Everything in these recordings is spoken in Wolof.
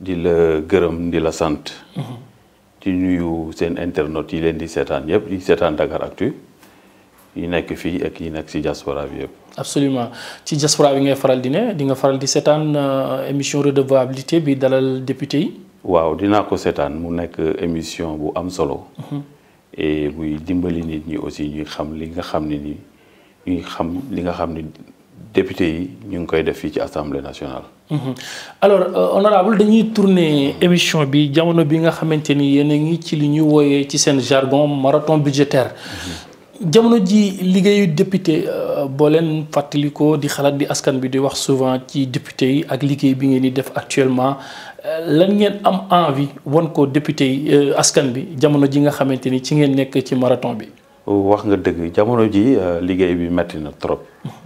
di la gërëm di la sant. Mhm. di nuyu seen internet yi leen di setan yëpp di dakar actu yi nekk fii ak yi nekk si diaspora bi yëpp. absolument ci diaspora bi ngay faral di ne di nga faral di setan euh, émission redevabilité bi dalal député yi. waaw dinaa ko setan mu nekk émission bu am solo. Mhm. et muy dimbali nit ñi aussi ñuy xam li nga xam ni ñuy xam li nga xam ni député yi ñu ngi koy def fii ci assemblée nationale. Mhm. alors euh, honorable dañuy tourner émission bi jamono bi nga xamante ni yéen a ngi ci li ñuy wooyee ci seen jargon marathon budgétaire. Mhm. jamono ji liggéeyu député euh, boo leen fàttalikoo di xalaat bi askan bi di wax souvent ci député yi ak liggéey bi ngeen di def actuellement euh, lan ngeen am envi wan ko député yi askan bi jamono ji nga xamante ni ci ngeen nekk ci marathon bi. wax nga dëgg jamono ji liggéey bi metti na trop. Mhm.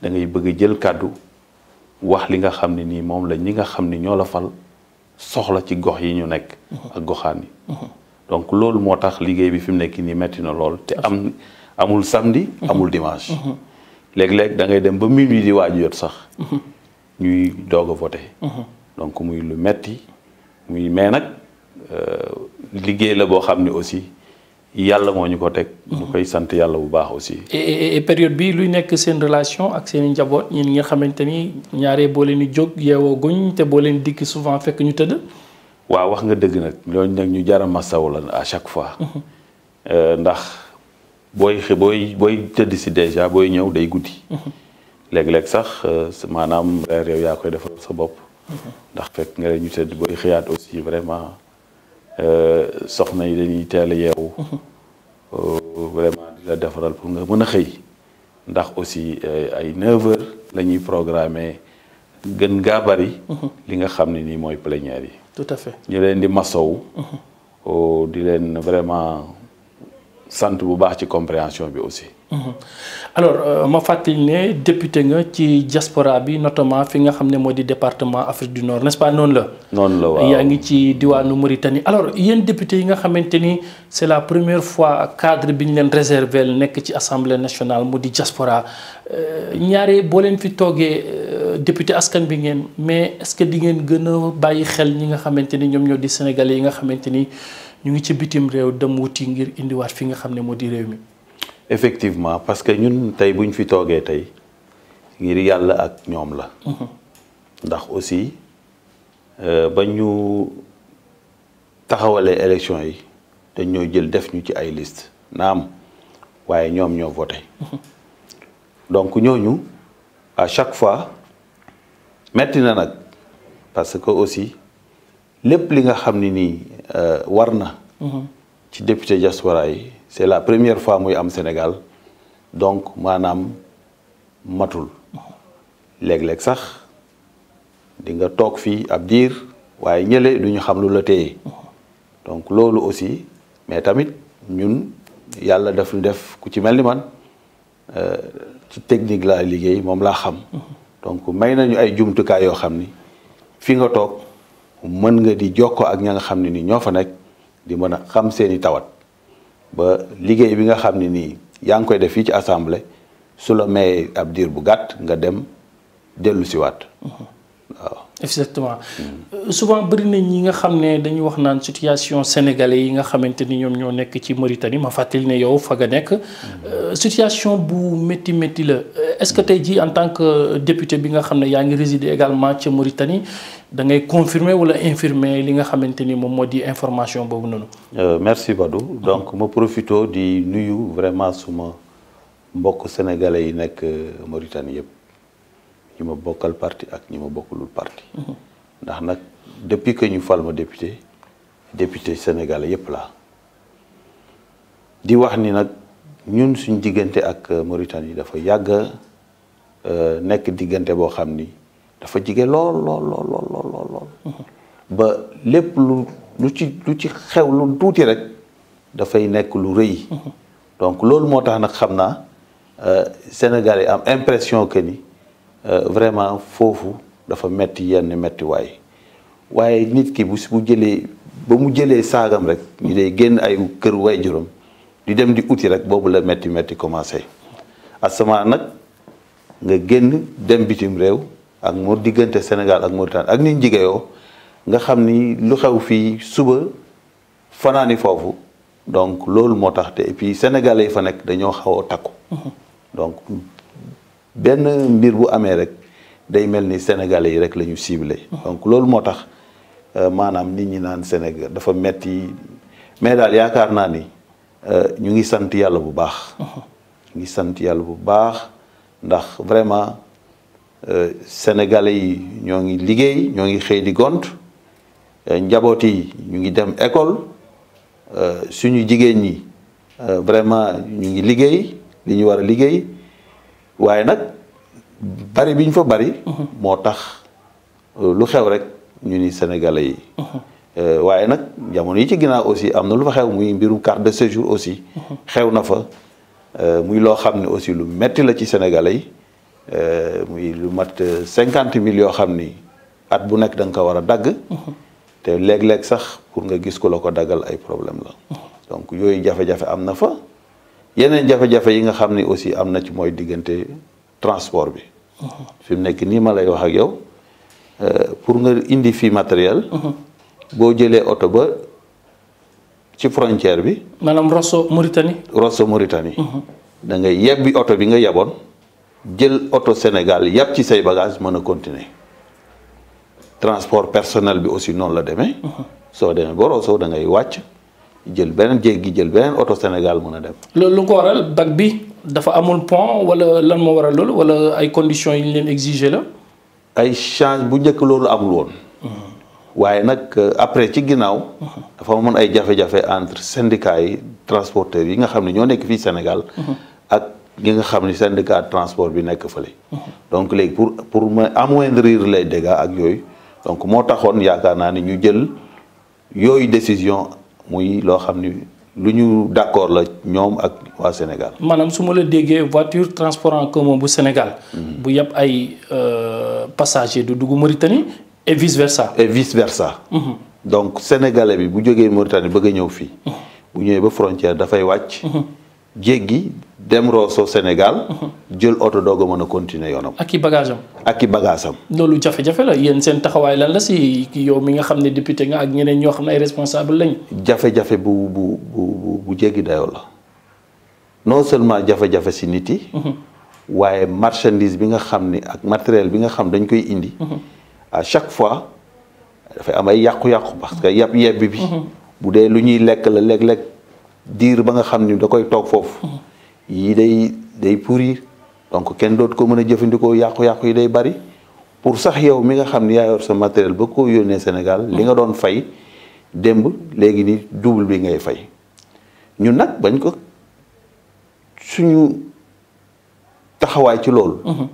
da ngay bëgg jël kàddu wax li nga xam ne nii moom lañ ñi nga xam ni ñoo la fal soxla ci gox yi ñu nekk. ak goxaan yi. donc loolu moo tax liggéey bi fi mu nekk nii metti na lool te am amul samdi amul dimanche. léeg-léeg da ngay dem ba minuit di waaj jot sax. ñuy doog a voté. donc muy lu metti muy mais nag euh, liggéey la boo xam ne aussi. yalla moñu ko tek mu mm-hmm. koy sante bu baax aussi. et période bi luy nek sen relation ak sen ñin nga xamanteni ni de leen di guñ te bo leen souvent fek ñu teud wa wax nga deug nak loñ nak ñu a à chaque fois. Mm-hmm. Euh, ndax boy en déjà boy ñew day goudi mm-hmm. les sax euh, manam ya koy defal sa bop ndax fek nga ñu aussi vraiment. Euh, soxna yi dañuy teel a yeewu mhm. euh, vraiment di la defaral pour nga mën a xëy ndax aussi euh, ay 9 heures la ñuy programmer gën ngaa bari. Mhm. li nga xam ne nii mooy plénière yi. tout à fait ñu leen di masow. Mhm. Oh, di leen vraiment sant bu baax ci compréhension bi aussi. Mhm. alors euh, ma fàttali ne député nga ci jaspora bi notamment fi nga xam ne moo di département Afrique du Nord nest pas noonu la. noonu la waaw yaa ngi ci diwaanu Mauritanie alors yéen député yi nga xamante ni c'est la première fois cadre bi ñu leen réservé nekk ci assemblée nationale mu di diaspora euh, ñaare boo leen fi toogee euh, député askan bi ngeen mais est-ce que di ngeen gën a bàyyi xel ñi nga xamante ni ñoom ñoo di sénégalais yi nga xamante ni ñu ngi ci bitim réew dem wuti ngir indiwaat fi nga xam ne moo di réew mi. effectivement parce que nous, tay nous fi togué tay ngir yalla ak ñom la. Mhm. ndax aussi euh, ba ñu élection yi dañ jël def ñu ci ay liste naam waye voté. Mhm. donc ñoñu à chaque fois metti na parce que aussi nous li nga euh, mhm. député c'est la première fois muy am Sénégal donc maanaam matul leg leg sax di nga tok fi ab dir waye ñële duñu xam lu la téye donc lolu aussi mais tamit ñun yalla daf lu def ku ci melni man euh ci technique la liggéey mom la xam donc may nañu ay jumtu ka yo xamni fi nga tok mën nga di joko ak nga ni fa di mëna xam seeni tawat ba liggéey bi nga xam ne nii yaa ngi koy def fii ci assemblée su la mayee ab diir bu gàtt nga dem dellu siwaat mhm. waaw exactement euh, souvent bëri na ñi nga xam dañuy wax nan situation sénégalais yi nga xamante ñom ñoo nekk ci Mauritanie ma fatil ne yow fa nekk euh, situation bu metti metti la euh, est-ce que tay ji en tant que député bi nga xam ya nga résider également ci Mauritanie da ngay confirmer wala infirmer li nga xamante mom moom moo di information boobu noonu. merci Badou donc ma profito di nuyu vraiment suma mbokk sénégalais yi nekk Mauritanie yëpp ñi ma le parti ak ñi ma bokkulul parti mhm. depuis que ñu fal ma député député sénégalais yëpp laa di wax ni ñun euh, Mauritanie dafa yàgg que euh, diggante boo qui ni dafa jige Mauritanie. lol lol lol, ba lépp lu lu ci lu ci xew lu rek mhm. donc lol ce que je sais. Sénégalais ont impression que Euh, vraiment foofu dafa metti yenn metti waay waaye nit ki bu bu jëlee ba mu jëlee saagam rek ñu day génn ay kër way juróom di dem di uti rek boobu la metti metti commencé asama nag nga génn dem bitim réew ak moo diggante Sénégal ak Mauritanie ak niñ jigéeyoo nga xam ni lu xew fii suba fanaani foofu donc loolu moo tax te et puis sénégalais yi fa nekk dañoo xaw a takku mhm. donc benn mbir bu amee rek day mel ni sénégalais yi rek la ñu ciblé. donc loolu moo tax euh, maanaam nit ñi naan Sénégal dafa metti mais daal yaakaar naa ni euh, ñu ngi sant yàlla bu baax. Uh-huh. ngi sant yàlla bu baax ndax vraiment euh, sénégalais yi ñoo ngi liggéey ñoo ngi xëy di gont njaboot yi ñu ngi dem école suñu jigéen ñi vraiment ñu ngi liggéey li ñu war a liggéey. waaye nag bari bi ñu fa bari. Mhm. moo tax euh, lu xew rek ñu ni sénégalais yi. Mhm. Euh, waaye nag jamono yi ci ginnaaw aussi am na lu fa xew muy mbiru carte de séjour aussi. Mhm. xew na fa euh, muy loo xam ne aussi lu metti la ci sénégalais yi muy lu mat cinquante mille yoo xam ni at bu nekk da nga ko war a dagg. te léeg-léeg sax pour nga gis ku la ko daggal ay problème la. donc yooyu jafe-jafe am na fa. yeneen jafe-jafe yi nga xam ni aussi am na ci mooy diggante transport bi fi mu nekk nii ma lay wax ak yow euh, pour nga indi fii matériel mhm. boo jëlee oto ba ci frontière bi maanaam Rosso Mauritanie Rosso Mauritanie mhm. da ngay yebbi oto bi nga yeboon jël oto Sénégal yàpp ci say bagage mën a continuer transport personnel bi aussi noonu la demee mhm. soo demee ba Rosso da ngay wàcc jël benen jéggi jël beneen oto Sénégal mën dem. loolu lu ko waral dag bi dafa amul pont wala lan mo waral loolu wala ay conditions yi ñu leen exiger la. ay change bu njëkk loolu amul woon. Mm-hmm. waaye nak euh, après ci ginnaaw. Mm-hmm. dafa amoon ay jafé jafé entre syndicats yi transporteurs yi nga xamni ño nek fi fii Sénégal. Mm-hmm. ak gi nga xamni syndicat transport bi nek fële. donc léegi pour pour ma amoindrir les dégâts ak yoy donc mo taxone yaakaar naa ni ñu jël yoy décision muy nous xamni d'accord la le ak wa Sénégal. Madame, suma vous la voiture transport en commun bu Sénégal. Mhm. bu yeb ay euh, passager du dugg Mauritanie et vice versa. et vice versa. Mhm. donc sénégalais bi bu joggé Mauritanie bëgg ñëw fi mhm. bu ñëwé ba frontière fay wacc jéggi dem Rosso Sénégal. Mhm. jël oto doog a mën a continuer yoonam. ak i bagage am. ak i bagage am. loolu jafe-jafe la yéen seen taxawaay lan la si yow mi nga xam ne député nga ak ñeneen ñoo xam na ay jafe-jafe bu bu bu bu jéggi dayoo la non seulement jafe-jafe yi. Mhm. waaye marchandise bi nga xam ne ak matériel bi nga xam dañ koy indi. Mhm. chaque fois dafay amay yàqu-yàqu parce que yebbi bu dee lu ñuy lekk la léeg-léeg. diir ba nga xam ni da koy toog foofu yi day day pourrir donc kenn dootu ko mën a jëfandikoo yàqu-yàqu yi day bari pour sax yow mi nga xam ni yaa sa matériel ba ko yónnee Sénégal li nga doon fay démb léegi ni double bi ngay fay ñun nag bañ ko suñu taxawaay ci loolu mhm.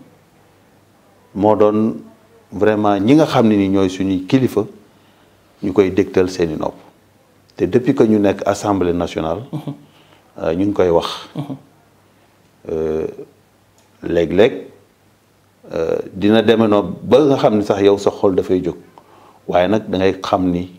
moo doon vraiment ñi nga xam ne ni ñooy suñuy kilifa ñu koy dégtal seeni nopp depuis que sommes sommes l'Assemblée nationale. nous euh, nous koy wax. euh, euh dina ba nga xamni sax yow sa xol da ngay xamni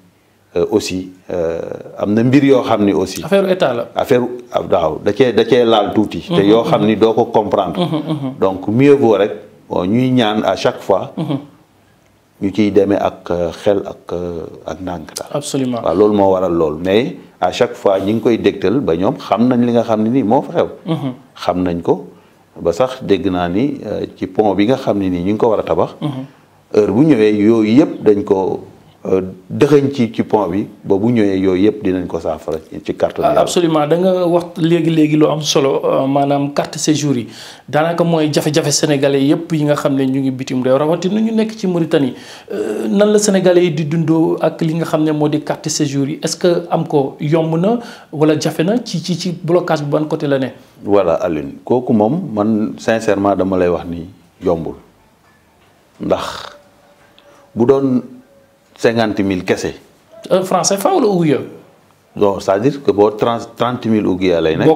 euh, aussi euh amna mbir yo xamni aussi. affaire état la affaire ah, da da laal touti te mhm, mhm, mhm. comprendre. donc mieux vaut rek ñuy ñaan à chaque fois. ñu ci demee ak euh, xel ak euh, ak ndànk daal. absolument loolu moo waral lool mais à chaque fois ñu ngi koy dégtal ba ñoom xam nañ li nga xam ne nii moo fa xew. Mm-hmm. xam nañ ko ba sax dégg naa ni euh, ci pont bi nga xam ne nii ñu ngi ko war a tabax. Mm-hmm. heure bu ñëwee yooyu yëpp dañ ko dëxëñ ci ci pont bi ba bu ñëwee yooyu yëpp dinañ ko saafara ci carte bi. absolument da nga wax léegi léegi lu am solo euh, maanaam carte séjour yi daanaka mooy jafe-jafe sénégalais yëpp yi nga xam ne ñu ngi bitim réew rawatina ñu nekk ci Mauritanie euh, nan la sénégalais yi di dundoo ak li nga xam ne moo di carte séjour yi est-ce que am ko yomb na wala jafe na ci ci ci blocage bu ban côté la ne. voilà Alioune kooku moom man sincèrement dama lay wax ni yombul ndax bu doon. 50 000, quest un franc CFA Donc, c'est-à-dire que 30 30 000 mille là, lay à peu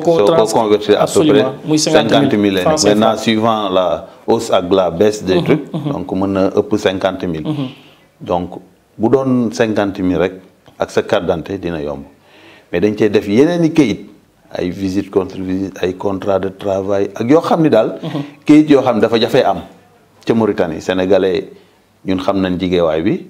près maintenant suivant la hausse ak la baisse des mhm, trucs. Mhm. donc mën un peu 50 000. donc bu doon cinquante 50 rek ak sa carte d'identité dina yomb mais a def yeneen i ay visite contre visite contrat de travail ak il mhm. y dafa sénégalais ñun ont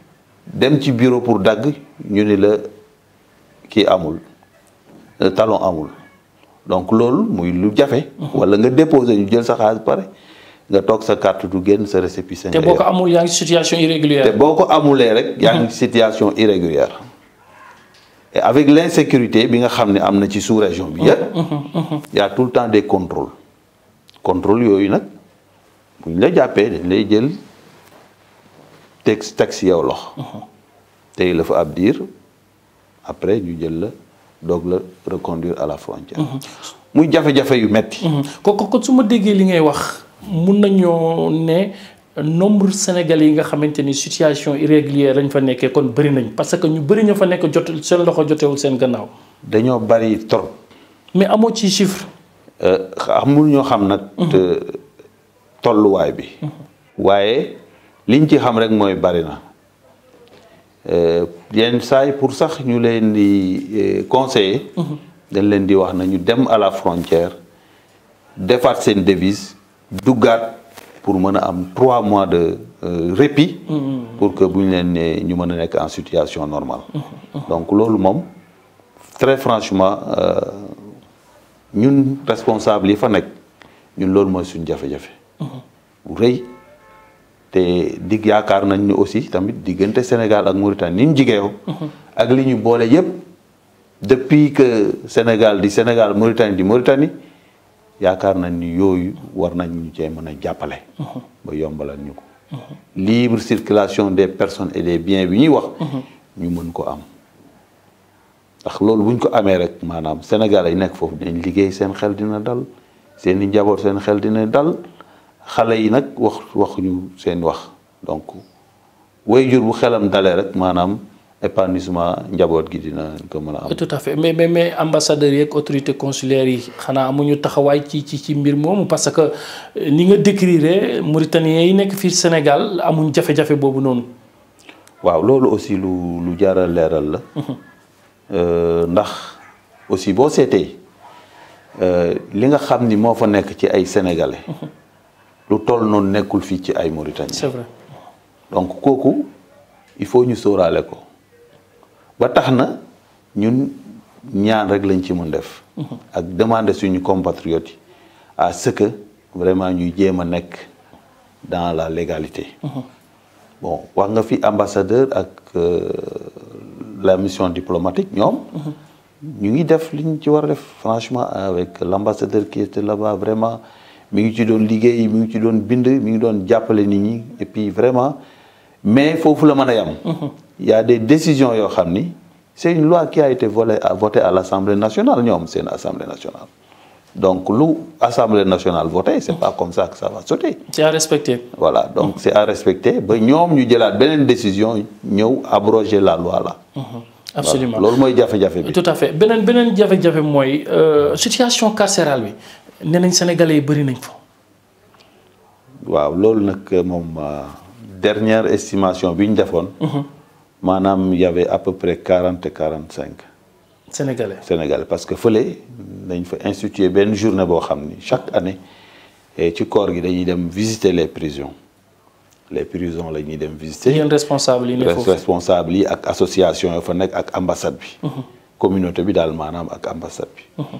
dem ci bureau pour dagg ñu ni la ki amul le euh, talon amul donc loolu muy lu jafé mhm. wala nga déposer ñu jël sa xaalis paré nga tok sa carte du génn sa récépissé. te boo ko amul ya ngi situation irrégulière. té boko amulé rek. ya ngi mhm. situation irrégulière. et avec l'insécurité bi nga xamné amna ci sous région bi mhm, ya y a tout le temps des contrôles contrôles yoyu nak buñ la jappé dañ lay jël teg taxi yow lox uh-huh. tey la fa ab diir après ñu jël la dog la reconduire à la frontière. Uh-huh. muy jafé jafé yu metti ko uh-huh. ko su ma déggee li ngay wax mën nañoo né nombre sénégalais yi nga xamante ni situation irrégulière lañ fa nekkee kon bari nañ parce que ñu bari ña fa nekk jot seen loxo jotewul seen gannaaw. dañoo bari trop. mais amo ci chiffre. euh amul ñoo xam nag. tolluwaay bi. waaye liñ ci xam rek mooy bari na eh, yenn saay pour sax ñu leen di eh, conseiller mhm. dañ leen di wax na ñu dem à la frontière defaat seen devise duggaat pour mën a am trois mois de euh, répit mhm. pour que buñ leen ne ñu mën a nekk en situation normale mhm, donc loolu moom très franchement euh, ñun responsable yi fa nekk ñun loolu mooy suñu jafe-jafe bu rëy te dig yaakaar nañ ñu aussi tamit diggante Sénégal ak Mauritanie ni ñu ak li ñu boole yépp depuis que Sénégal di Sénégal Mauritanie di Mauritanie yaakaar nañ ni yooyu war nañ ñu cee mën a jàppale. ba yombalal ñu ko. libre circulation des personnes et des biens bi ñuy wax. ñu mën ko am. ndax loolu bu ko amee rek maanaam Sénégal yi nekk foofu dinañ liggéey seen xel dina dal seen i njaboot seen xel dina dal. xale yi nag wax waxuñu seen wax donc way jur bu xelam dalee rek maanaam épanouissement njaboot gi dina ko mën a am. tout à fait mais mais mais ambassadeurs yeeg autorités consulaires yi xanaa amuñu taxawaay ci ci ci mbir moomu parce que euh, ni nga décrire Mauritaniens yi nekk fii Sénégal amuñ jafe-jafe boobu noonu. waaw loolu aussi lu lu jaara leeral la. Euh, ndax aussi boo seetee euh, li nga xam ni moo fa nekk ci ay sénégalais. lu toll noonu nekkul fii ci ay Mauritanie. c'est donc kooku il faut ñu sóoraale ko ba tax na ñun ñaan rek lañ ci mën def. Mhm. ak demander suñu compatriotes yi à ce que vraiment ñuy jéem a nekk dans la légalité. Mhm. bon wax nga fi ambassadeur ak euh, la mission diplomatique ñoom. Mhm. ñu ngi def li ñu ci war a def franchement avec l'ambassadeur qui était là-bas mi ngi ci doon liggéey mi ngi ci bind mi ngi nit ñi et puis vraiment mais foofu la mën a mhm. Il y a des décisions yoo xam c'est une loi qui a été à votée à l'Assemblée nationale C'est une Assemblée nationale donc l'Assemblée nationale votée c'est pas comme ça que ça va sauter. c'est à respecter. voilà donc c'est à respecter ba ñoom ñu la bonne décision ñëw abroger la loi là. Mhm. absolument loolu mooy jafe-jafe bi. tout à fait benen, beneen jafe-jafe euh, situation carcérale bi nee sénégalais yi bari nañ fa. waaw loolu nag moom euh, dernière estimation bi ñu defoon. Mhm. maanaam y avait à peu près 40 et quarante sénégalais sénégalais parce que fële nañ fa institué benn journée boo xam ni chaque année eh, ci koor gi dañuy dem visiter les prisons les prisons la ñuy dem visiter. yéen responsable yi ne foofu responsable yi ak association yoo fa nekk ak ambassade bi. Mhm. communauté bi daal maanaam ak ambassade bi. Mhm.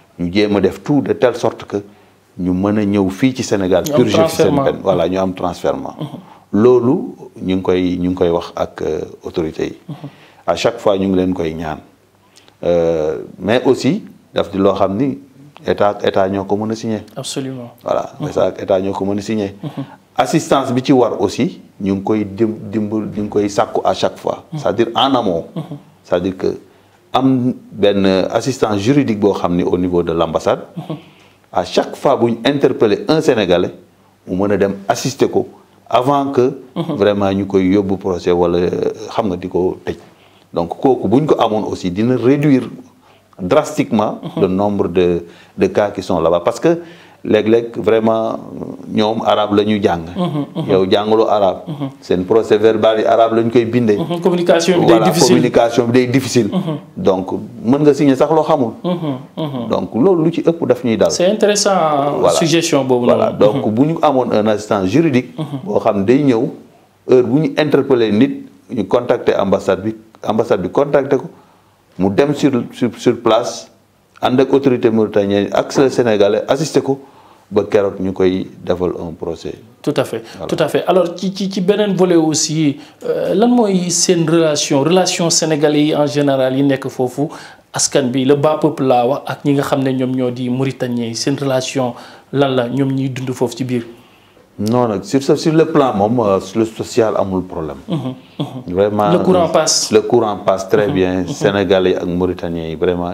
ñu jéem a def tout de telle sorte que ñu mën a ñëw fii ci Sénégal purger fi seen peine voilà ñu am transfert. Mhm. loolu ñu ngi koy ñu ngi koy wax ak euh, autorités yi mhm. à chaque fois ñu ngi leen koy ñaan euh, mais aussi daf di loo xam ni état ak état ñoo ko mën signé absolument voilà mais mhm. ça, état ñoo ko mën signé assistance bi ci war aussi ñu ngi koy dim dimbal ñu ngi koy sàkku à chaque fois c'est-à-dire en amont c'est-à-dire que am ben assistant juridique bo xamni au niveau de l'ambassade à chaque fois qu'on interpelle interpeller un sénégalais on meuna dem assister avant que. vraiment ñu koy un procès wala euh, xam nga diko donc koku buñ ko amone aussi dina réduire drastiquement. le nombre de de cas qui sont là-bas parce que léeg-léeg vraiment ñoom arabe la ñu jàng. Mhm, mhm. yow jàngalu arabe. Mhm. seen procès verbal arabe la ñu koy communication difficile communication difficile. donc mën nga signer sax loo xamul. donc loolu lu ci ëpp daf dal. c'est intéressant suggestion boobu voilà donc bu ñu un assistant juridique. Bo xam day ñëw heure bu interpeller nit ñu contacter ambassade bi ambassade bi contacter ko mu dem sur sur place ànd ak autorité mauritanienne ak le sénégalais assister ko ba carotte, ñu defal un procès. tout à fait voilà. tout à fait alors ci ci ci benen volet aussi euh, lan c'est une relation relation sénégalais en général yi nekk foofu askan bi le bas peuple laa wax ak ñi nga xam ñom ñoo di Mauritaniens yi relation lan la ñom ñi dund fofu ci biir. non nak, sur sur le plan mom, euh, sur le social amul problème. Mmh, mmh, mmh. vraiment le courant euh, passe. le courant passe très bien sénégalais ak Mauritaniens vraiment.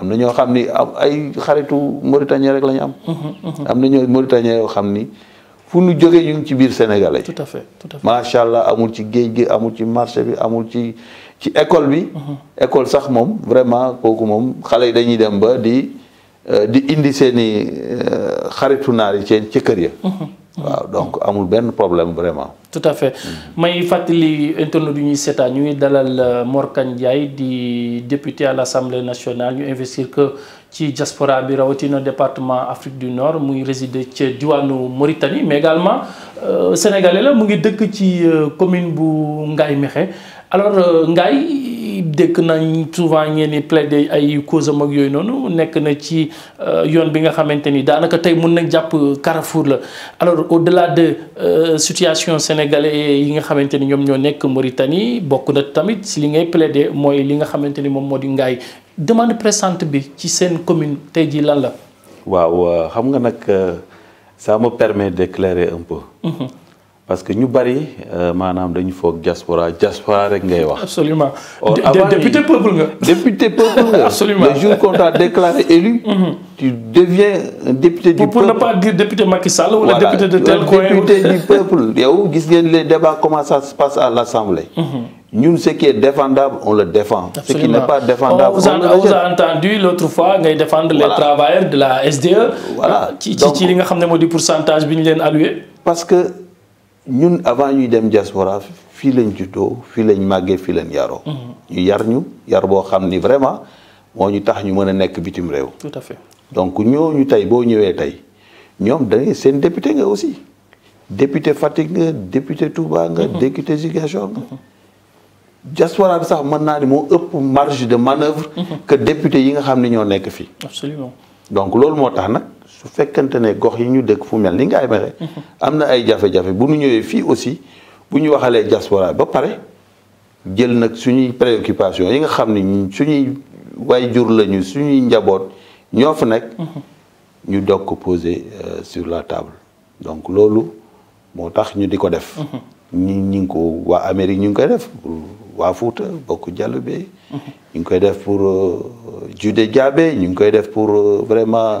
am na ñoo xam ni ay xaritu Mauritanie rek la ñu am. Mhm, mhm. am na ñoo Mauritanie yoo xam ni fu nu jógee ñu ngi ci biir sénégalais. tout à fait tout à fait macha allah amul ci géej gi amul ci marché bi amul ci ci école bi. Mhm. école sax moom vraiment kooku moom xale yi dañuy dem ba di euh, di indi seen i euh, xaritu naar yi ci kër ya. waaw donc a un problème vraiment. tout à fait mm. may fàttali internautes yu ñuy seetaan de dalal euh, Mor Kane député à l'Assemblée nationale ñu investir que ci diaspora dans le département Afrique du Nord muy résider ci Diwano, Mauritanie mais également euh, sénégalais la mu ngi dëkk ci euh, commune bu Ngaye Mékhé alors Ngaye. yi dégg nañ touvent ñeen i plaider ay cause am ak yooyu noonu nekk na ci euh, yoon bi nga xamante ni daanaka tey mun na jàpp Carrefour la alors au delà de euh, situation sénégalais yi nga xamante ni ñoom ñoo nekk Mauritanie bokk na tamit si li ngay plaider mooy li nga xamante ni moom moo di ngaay demande pressante bi ci seen commune tey jii lan la. waaw euh, xam nga nag ça me permet d'éclairer un peu. Mm-hmm. parce que nous, bari euh, manam dañu faire diaspora diaspora rek ngay wax. absolument député peuple nga. député peuple absolument le jour qu'on t'a déclaré élu. Mm-hmm. tu deviens un député du peuple. pour ne pas dire député Macky Sall. ou député de tel coin député du peuple. yow gis ngeen les débats comment ça se passe à l'Assemblée. Mm-hmm. Nous, ce qui est défendable on le défend. ce qui n'est pas défendable on le vous avez entendu l'autre fois ngay défendre les travailleurs de la SDE. voilà Qui ah, ci li nga pourcentage bi ñu alloué. parce que. Nous avons ñuy dem diaspora fi lañ fi lañ maggé lañ yaro mhm. ñu yar yar bo qui vraiment mo ñu tax ñu nek tout à fait donc nous, nous boo ñëwee tey ñoom da ngay sen député nga aussi député Fatick nga député Touba nga. Mhm. député mhm. diaspora sax marge de manœuvre. que député yi nga xamni ñoo nek absolument donc que nous tax su fekkante ne gox yi ñu dëkk fu mel ni Ngaye Mékhé am na ay jafe-jafe bu ñu ñëwee fii aussi bu ñu waxalee diaspora ba pare jël nag suñuy préoccupation yi nga xam ni suñuy waajur lañu suñuy njaboot ñoo fa nekk ñu doog ko poser euh, sur la table donc loolu moo tax ñu di ko def ñi ñi ngi ko waa Amérique ñu ngi koy def pour waa Fuuta bokk Jallobe ñu ngi koy def pour euh, Jude Jaabe ñu ngi koy def pour euh, vraiment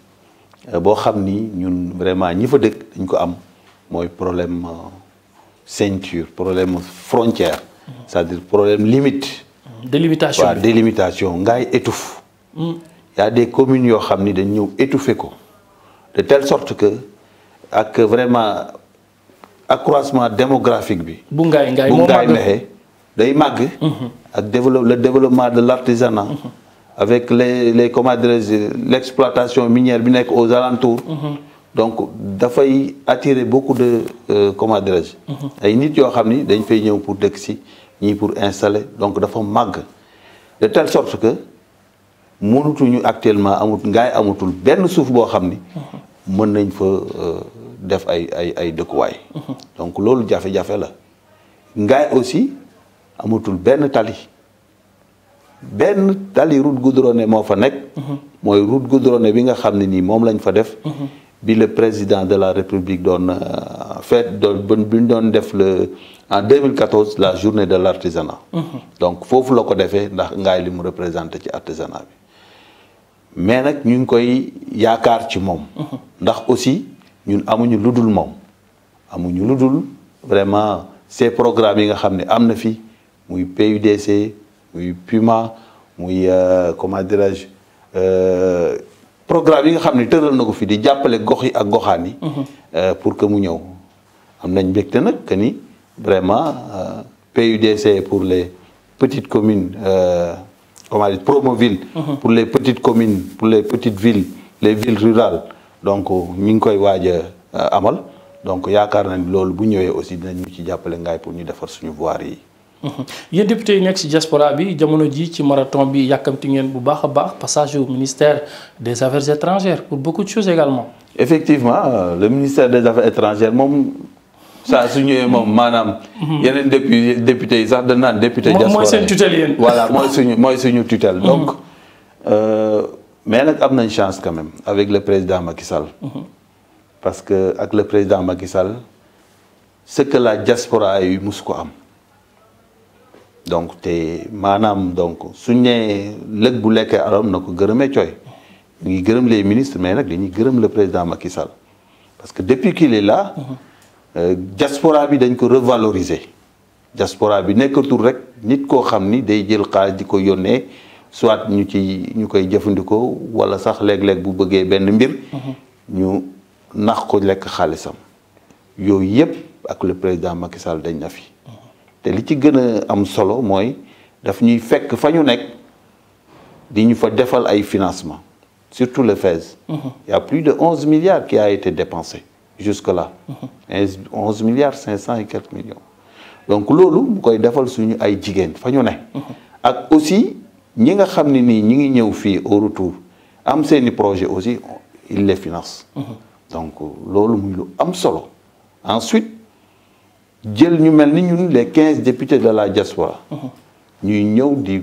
Nous euh, xamni ñun vraiment ñi fa dëkk dañ ko am problème euh, ceinture problème frontière mm-hmm. c'est-à-dire problème limite mm-hmm. délimitation délimitation étouffé, étouffe mm-hmm. y a des communes qui xamni étouffées dañ étouffer ko de telle sorte que ak vraiment accroissement démographique bi bu ngaay ngaay bu mag ak le développement de l'artisanat avec les les comment l'exploitation minière bi nekk aux alentours. Mhm. donc dafay attirer beaucoup de euh, comment dirais-je. Mhm. ay nit yoo xam ni dañ fay ñëw pour dëkk si pour installer donc dafa mag de telle sorte que mënutuñu actuellement amut ngaay amutul benn suuf boo xam ni. Mhm. mën nañ fa euh, def ay ay ay dëkkuwaay. donc loolu jafe-jafe la ngaay aussi amatul benn tali. Ben tali route goudronnée moo fa nek mhm. moy route goudronnée bi nga xam ni mom lañ fa def. Mhm. bi le président de la république doon euh, fait doon buñ ñu def le en 2014 la journée de l'artisanat. Mhm. donc fofu lako ko ndax ngaay li mu représenté ci artisanat bi mais nak ñu ngi koy yaakaar ci mom ndax aussi ñun amuñu ludul mom amuñu ludul vraiment ces programmes yi nga xam amna fi muy PUDC muy Puma muy euh, comment dirais-je euh, programme yi nga xamni teural nako fi di jappelé gox yi ak mhm. euh pour que mu ñew am nañ mbégte nag que ni vraiment euh, PUDC pour les petites communes comment dire Promoville. Mhm. pour les petites communes pour les petites villes les villes rurales donc ñing koy waaj Donc, amal donc yaakar nañ lool bu ñëwee aussi dinañ ñu ci jappelé ngaay pour ñu défar suñu voirie yi. Il député yi nekk ci diaspora bi jamono ji ci marathon bi yakamti ngeen bu baax a baax passage au ministère des affaires étrangères pour beaucoup de choses également. effectivement euh, le ministère des affaires étrangères mom ça su mom manam a député député yi sax dañ député. diaspora Moi c'est tutelle voilà moi suñu suis suñu tutelle. Mhm. donc euh, mais nak amna une chance quand même avec le président Macky Sall. Mhm. parce que avec le président Macky Sall ce que la diaspora a eu, ko am. donc te maanaam donc suñ nee lëg bu lekkee alam na ko gërëmee cooy ngi gërëm les ministres mais nag dañuy gërëm le président Macky parce que depuis qu'il est là euh, diaspora bi dañ ko revaloriser diaspora bi nekkatul rek nit koo xam ni day jël xaalis di ko yónnee soit ñu ci ñu koy jëfandikoo wala sax léeg-léeg bu bëggee benn mbir ñu nax ko lekk xaalisam yooyu yëpp ak le président Macky Sall dañ na fi Et ce qui est le plus important, c'est qu'il faut que ont fait des financement, Surtout les FES. Mhm. Il y a plus de 11 milliards qui a été dépensé jusque-là. 11 mhm. milliards 500 et quelques millions. Donc, ce qui est le plus important, c'est qu'il faut Et aussi, nous savons ni nous sommes ici au retour. ont fait des projets aussi, ils les financent. Mhm. Donc, ce qui est le plus Ensuite, nous, ñu les 15 députés de la diaspora nous uh-huh. ñëw di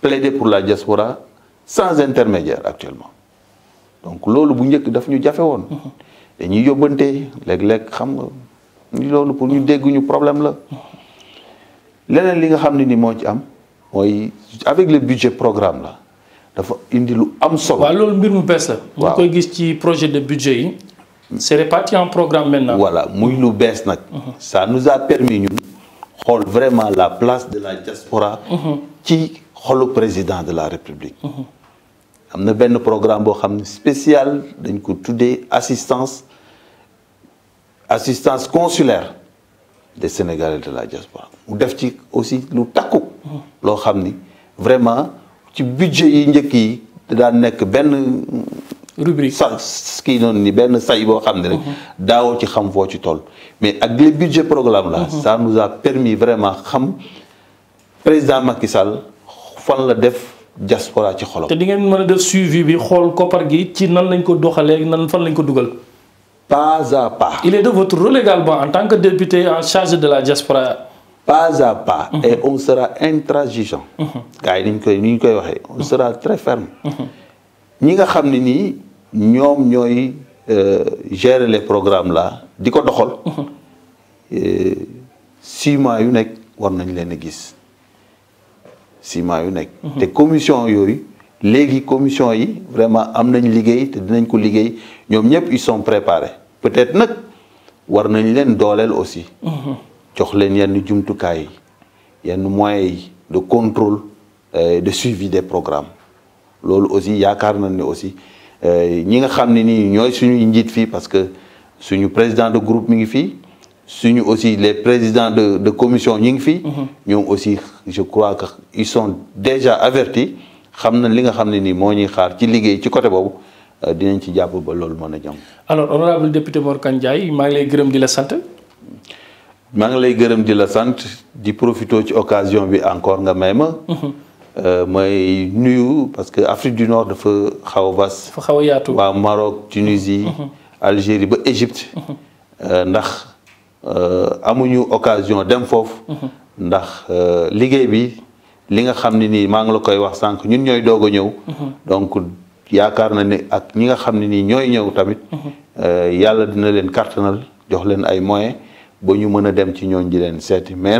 plaider pour la diaspora sans intermédiaire actuellement donc loolu bu njëkk daf ñu jafe woon uh-huh. dañuy yóbbante léeg-léeg xam nga loolu pour ñu uh-huh. problème la leneen li nga xam ni moo ci avec le budget programme la dafa indi lu am solo. waaw loolu mbir mu bees la. koy gis projet de budget c'est réparti en programme maintenant. voilà mhm. ça nous a permis de vraiment la place de la diaspora. qui est le président de la république. Nous avons un programme spécial dañ assistance assistance consulaire des sénégalais de la diaspora Nous def aussi nous takku. Mhm. loo xam vraiment ci budget qui est yi dans rubrique sa kii noonu ni benn say boo xam ne rek. Mhm. daawoo ci xam fo ci toll. mais ak le budget programme là. Mhm. ça nous a permis vraiment xam président Macky Sall fan la def diaspora ci xolam. te di ngeen mën def suivi bi xol copar gi ci nan lañ ko doxalee nan fan lañ ko duggal pas à pas. il est de votre rôle également en tant que député en charge de la diaspora. pas à pas. Mm -hmm. et on sera intransigeant. Mhm. gaay niñ koy niñ koy waxé on sera très ferme. ñi nga xam ni ñoy euh gérer les programmes là diko doxal euh 6 mois yu nek war nañ leen gis 6 mois yu nek mhm. té commission yooyu légui commission yi vraiment am nañ liggéey te dinañ ko liggéey ñom ñëpp ils sont préparés peut-être nak war nañ leen dolel aussi. Mhm. jox leen yenn jumtu kay yenn moyens de contrôle euh, de suivi des programmes lolu aussi yaakar nañ ne aussi. Euh, ñi nga xam ni nii ñooy suñuy njiit fii parce que suñu président de groupe mi ngi fii suñu aussi les présidents de de commission ñi ngi fii mhm. ñoom aussi je crois que ils sont déjà avertis xam na li nga xam ne nii moo ñuy xaar ci liggéey ci côté boobu euh, dinañ ci jàpp ba loolu mën a jàmm alors honorable député Mor Kane Ndiaye maa ngi lay gërëm di la sant maa ngi lay gërëm di la sant di profito ci occasion bi encore nga may ma mhm. Euh, mais nous, parce que Afrique du Nord des choses. Donc, Maroc Tunisie. Mhm. Algérie ba Égypte. Mhm. Euh, ndax euh, amuñu occasion dem choses. Mhm. ndax avons bi li nga faire des choses. Nous avons la koy wax faire donc yaakar na des ak ñi nga xamni ni ñoy ñew des euh yalla dina leen l'occasion jox leen ay moyens ba ñu mëna dem ci mais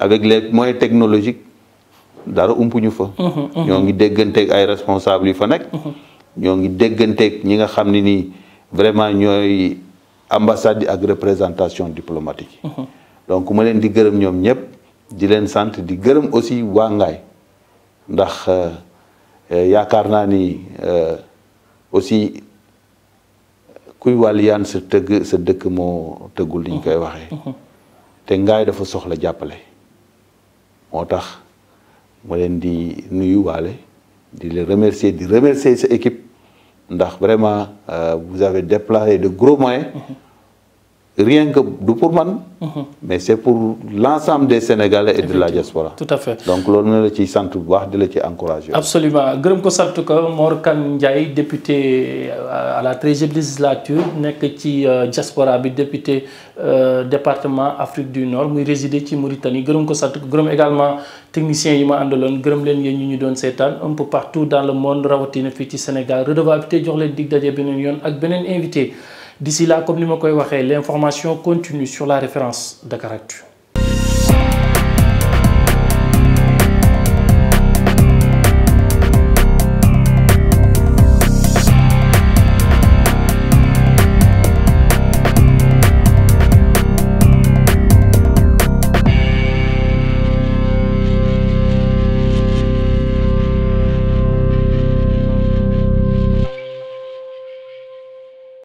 avec les moyens technologiques. dara umpuñu fa mhm, mhm. ñoo ngi ak ay responsable yi fa nekk mhm. ñoo ngi ak ñi nga xamni ni vraiment ñoy ambassade ak représentation diplomatique donc ma leen di gërëm ñom ñep di leen sante di gërëm aussi wa Ngaay ndax euh, euh, ni euh, aussi kuy walian sa tëgg sa dëkk moo tëggul li koy waxe té Ngaay dafa soxla jappalé motax Je vous remercie, remercier de remercier cette équipe vraiment euh, vous avez déployé de gros moyens rien que du pour man. Mhm. mais c'est pour l'ensemble des sénégalais et de la diaspora. tout à fait donc loolu na la ciy sant bu baax di ci absolument Je ko sant ko Mor Kane député euh, à la 13e législature nekk ci euh, diaspora bi député euh, département Afrique du Nord qui résider ci Mauritanie gërëm ko sant ko également technicien yi ma àndaloon gërëm leen yéen ñu ñu doon seetaan un peu partout dans le monde rawatina fi ci Sénégal redevabilité jox leen dig dajé benen yoon ak benen invité. D'ici là, comme nous l'information continue sur la référence de caractère.